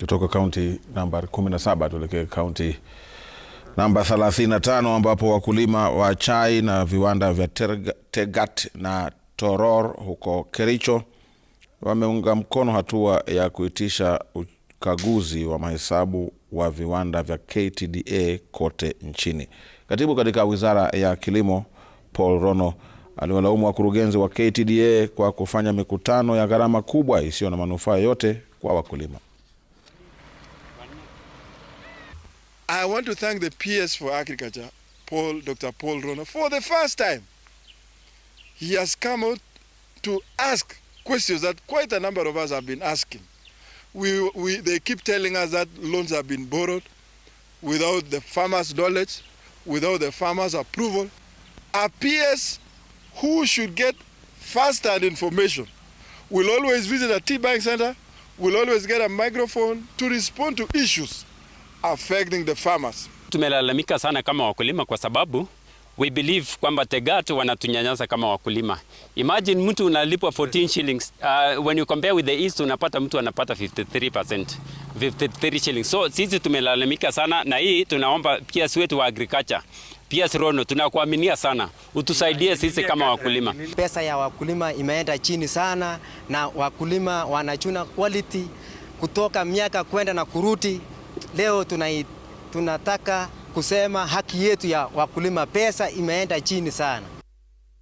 kutoka kaunti namba 17 tuelekee kaunti namba 35 ambapo wakulima wa chai na viwanda vya Tegat na Toror huko Kericho wameunga mkono hatua ya kuitisha ukaguzi wa mahesabu wa viwanda vya KTDA kote nchini. Katibu katika Wizara ya Kilimo Paul Rono aliwalaumu wakurugenzi wa KTDA kwa kufanya mikutano ya gharama kubwa isiyo na manufaa yote kwa wakulima. I want to thank the PS for Agriculture, Paul, Dr. Paul Rono, for the first time. He has come out to ask questions that quite a number of us have been asking. We, we, they keep telling us that loans have been borrowed without the farmer's knowledge, without the farmer's approval. Our PS, who should get first-hand information, will always visit a T-Bank Center, will always get a microphone to respond to issues affecting the farmers. Tumelalamika sana kama wakulima kwa sababu we believe kwamba Tegat wanatunyanyasa kama wakulima. Imagine mtu unalipwa 14 shillings uh, when you compare with the east unapata mtu anapata 53%, 53 shillings. So sisi tumelalamika sana na hii tunaomba peers wetu wa agriculture Piers Rono, tunakuaminia sana, utusaidie sisi kama wakulima. Pesa ya wakulima imeenda chini sana, na wakulima wanachuna quality kutoka miaka kwenda na kuruti leo tunai, tunataka kusema haki yetu ya wakulima, pesa imeenda chini sana.